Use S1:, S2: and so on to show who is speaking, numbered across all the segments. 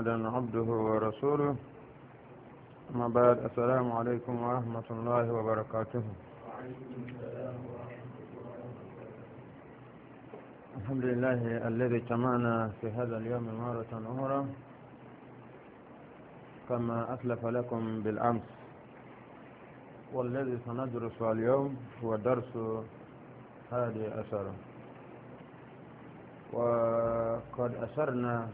S1: محمدا عبده ورسوله أما بعد السلام عليكم ورحمة الله وبركاته الحمد لله الذي جمعنا في هذا اليوم مرة أخرى كما أسلف لكم بالأمس والذي سندرس اليوم هو درس هذه أسرة وقد أسرنا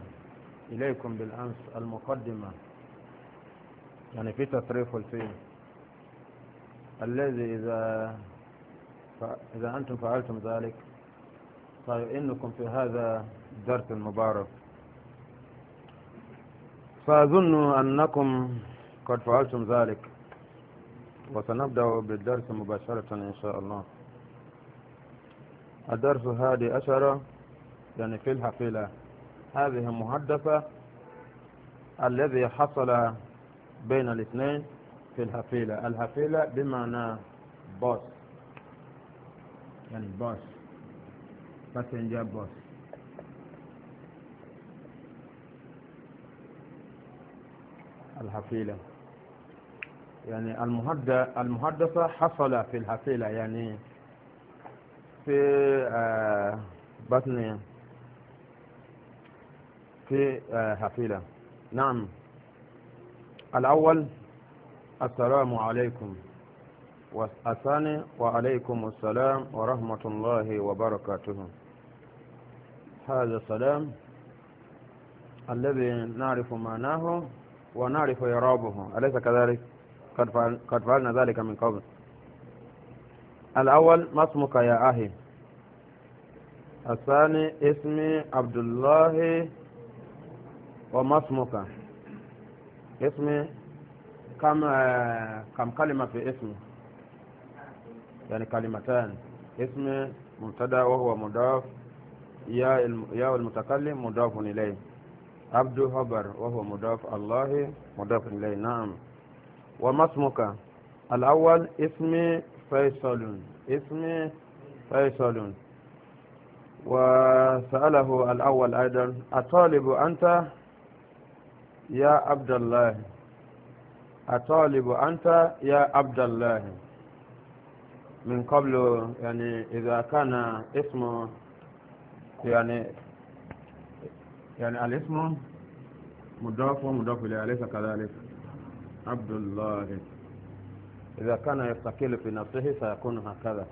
S1: إليكم بالأمس المقدمة يعني في تصريف الفيل الذي إذا ف... إذا أنتم فعلتم ذلك فإنكم طيب في هذا الدرس المبارك فأظن أنكم قد فعلتم ذلك وسنبدأ بالدرس مباشرة إن شاء الله الدرس هذه أشرة يعني في الحفلة هذه المحدثة الذي حصل بين الاثنين في الهفيلة الهفيلة بمعنى بوس يعني باص باسنجر بوس الهفيلة يعني المحدثة حصل في الهفيلة يعني في آه بطن في آه، حفيلة نعم الأول السلام عليكم والثاني وعليكم السلام ورحمة الله وبركاته هذا السلام الذي نعرف معناه ونعرف يرابه أليس كذلك قد, قد فعلنا ذلك من قبل الأول ما اسمك يا أهي الثاني اسمي عبد الله وما اسمك اسمي كم آه، كم كلمة في اسمي يعني كلمتان اسمي مبتدا وهو مضاف يا الم... يا المتكلم مضاف اليه عبد هبر وهو مضاف الله مضاف اليه نعم وما اسمك الاول اسمي فيصل اسمي فيصل وسأله الأول أيضا أطالب أنت يا عبد الله أطالب أنت يا عبد الله من قبل يعني إذا كان اسم يعني يعني الاسم مضاف ومضاف إليه أليس كذلك عبد الله إذا كان يستقل في نفسه سيكون هكذا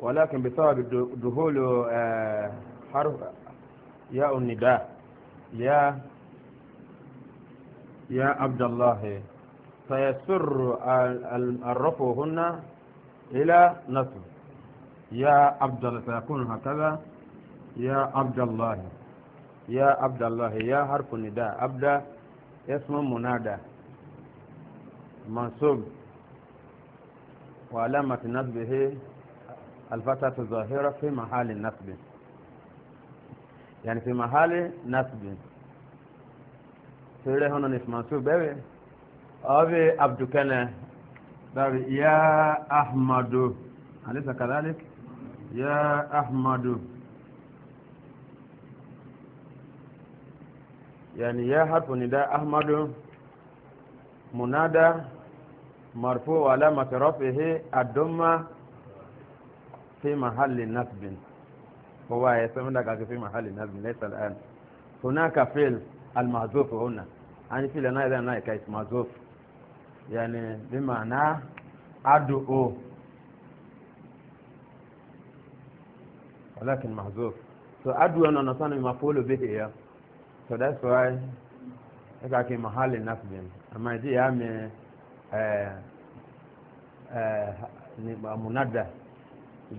S1: ولكن بسبب دخول آه، حرف ياء النداء يا يا عبد الله فيسر هنا إلى نصب يا عبد الله سيكون هكذا يا عبد الله يا عبد الله يا حرف نداء عبد اسم منادى منصوب وعلامة نصبه الفتحة الظاهرة في محل نصب يعني في محل نصب سيري هنا نسمان سو بابي أبي عبد كنا يا أحمد أليس كذلك يا أحمد يعني يا حرف نداء أحمد منادى مرفوع على مترفه الدمى في محل نصب هو يسمى في محل نصب ليس الآن هناك فيل almaazofu huna ani file na ile na ikais maazofu yani bimaana aduu walakin maazofu so aduu ana sana mafulu bihi ya so that's why ika ki mahali nasbin ama ji ame eh eh ni munada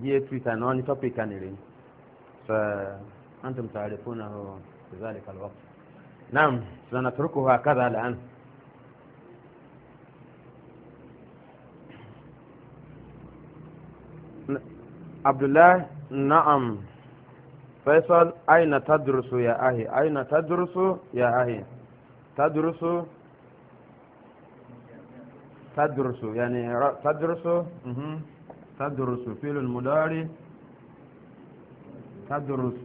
S1: je twitter naoni topic anilini fa antum taarifuna hu bidhalika alwaqt نعم سنتركه هكذا الآن عبد الله نعم فيصل أين تدرس يا أهي أين تدرس يا أهي تدرس تدرس يعني تدرس تدرس في المداري تدرس